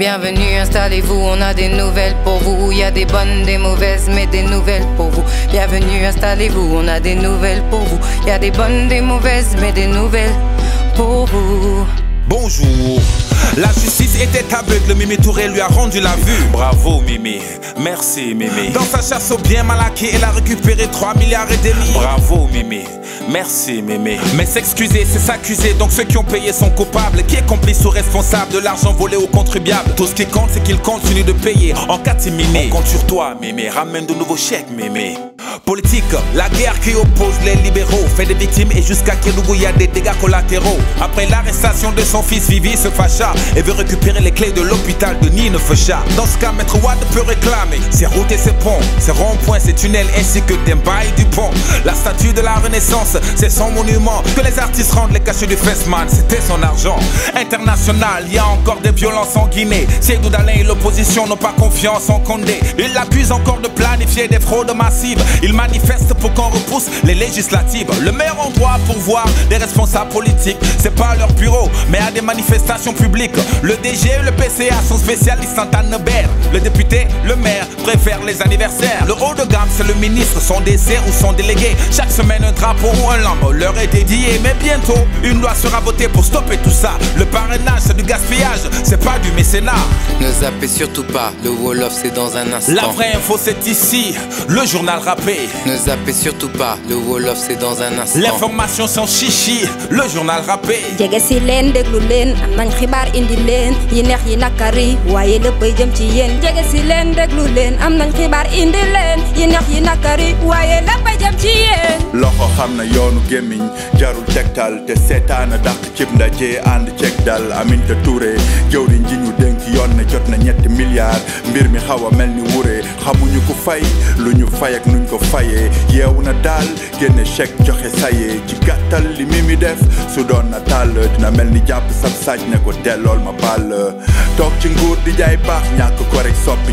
Bienvenue, installez-vous, on a des nouvelles pour vous. Il y a des bonnes, des mauvaises, mais des nouvelles pour vous. Bienvenue, installez-vous, on a des nouvelles pour vous. Il y a des bonnes, des mauvaises, mais des nouvelles pour vous. Bonjour la justice était aveugle, Mimi Touré lui a rendu la vue. Bravo Mimi, merci Mimi. Dans sa chasse au bien Malaki, elle a récupéré 3 milliards et demi. Bravo Mimi, merci Mimi. Mais s'excuser, c'est s'accuser, donc ceux qui ont payé sont coupables. Qui est complice ou responsable de l'argent volé aux contribuables Tout ce qui compte, c'est qu'il continue de payer en catimini. On compte sur toi Mimi, ramène de nouveaux chèques Mimi politique. La guerre qui oppose les libéraux fait des victimes et jusqu'à Kédougou, y a des dégâts collatéraux. Après l'arrestation de son fils, Vivi se fâcha et veut récupérer les clés de l'hôpital de Ninefecha. Dans ce cas, Maître Wade peut réclamer ses routes et ses ponts, ses ronds-points, ses tunnels ainsi que des bails du pont de la renaissance. C'est son monument que les artistes rendent les cachets du Festman. C'était son argent. International, il y a encore des violences en Guinée. C'est Doudalin et l'opposition n'ont pas confiance en Condé. Il l'accuse encore de planifier des fraudes massives. Il manifeste pour qu'on repousse les législatives. Le meilleur endroit pour voir des responsables politiques, c'est pas à leur bureau, mais à des manifestations publiques. Le DG et le PCA sont spécialistes en Tannebert. Le député, le maire préfèrent les anniversaires. Le haut de gamme, c'est le ministre, son décès ou son délégué se semaine, un drapeau ou un lambeau. L'heure est dédiée, mais bientôt, une loi sera votée pour stopper tout ça. Le parrainage, c'est du gaspillage, c'est pas du mécénat. Ne zappez surtout pas, le Wolof, c'est dans un instant. La vraie info, c'est ici, le journal rappé. Ne zappez surtout pas, le Wolof, c'est dans un instant. L'information sans chichi, le journal rappé. jege am nañ indi yi yi nakari waye jëm loxo xam na yoonu gémmiñ jarul tegtal te seetaana dàq cib ndaje ànd ceeg dal Aminata jëw jëwriñ ji ñu dénk yoon ne jot na ñetti milliards mbir mi xaw a mel ni wure xamuñu ko fay lu ñu fay ak nuñ ko fayee yeewu na daal génne chèque joxe sayee ci gàttal li mi def su doon na tàll dina mel ni jàpp sab saaj ne ko dellool ma bàll toog ci nguur di jaay baax ñàkk ko rek soppi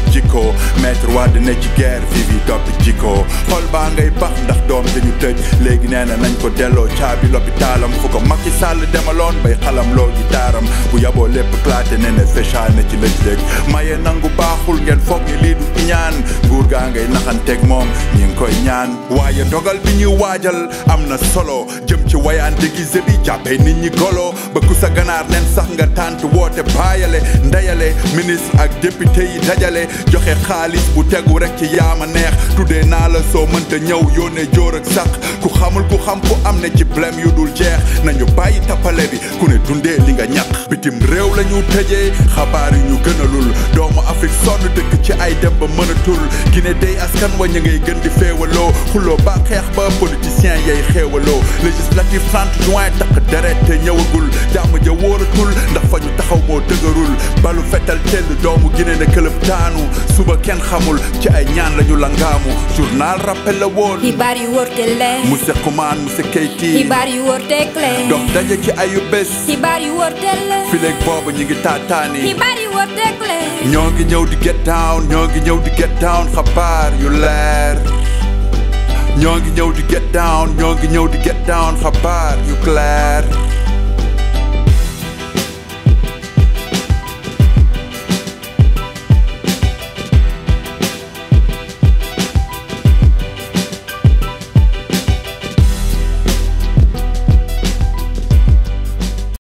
waa ne ci guerre vive yi topp jikko xool baa ngay bax ndax doom dañu tëj léegi nee na nañ ko delloo caabi lopitaalam fu ko Macky Sall demaloon bay xalam loo ji taaram bu yaboo lépp claté ne ne fécha ne ci lëj-lëj maye nangu baaxul ngeen foog ni lii du iñaan gaa ngay naxanteeg moom ñi ngi koy ñaan waaye ndogal bi ñuy waajal am na solo jëm ci wayaan déguisé bi jàppee nit ñi golo ba ku sa ganaar leen sax nga tànt woote baayale ndayale ministre ak député yi dajale joxe xaalis bu tegu rek ci yaama neex tuddee naa la soo mënta ñëw yónnee jóor ak sax ku xamul ku xam ku am ne ci blème yu dul jeex nañu bàyyi tappale bi ku ne dundee li nga ñàkk bitim réew lañu tëjee xabaar yi ñu gënalul doomu Afrique sonn dëkk ci ay Guinée day askan wa ñu ngay gën di féewaloo xuloo ba xeex ba politiciens yay xéewaloo législative 30 juin taq deret te ñëwagul jàmm ja wóoratul ndax fa ñu taxaw moo dëgërul balu fetal tellu doomu Guinée ne këlëb taanu suba kenn xamul ci ay ñaan lañu la ngaamu journal rappel la woon xibaar yu wóor te leer monsieur Koumane monsieur Keyti xibaar yu wóor te clair daje ci ayu bés xibaar yu wóor boobu ñu ngi taataani wat ik ngi ñëw di get down ñoo ngi ñëw di get down xabaar yu leer ñoo ngi ñëw di get down ñoo ngi ñëw di get down xabaar yu clair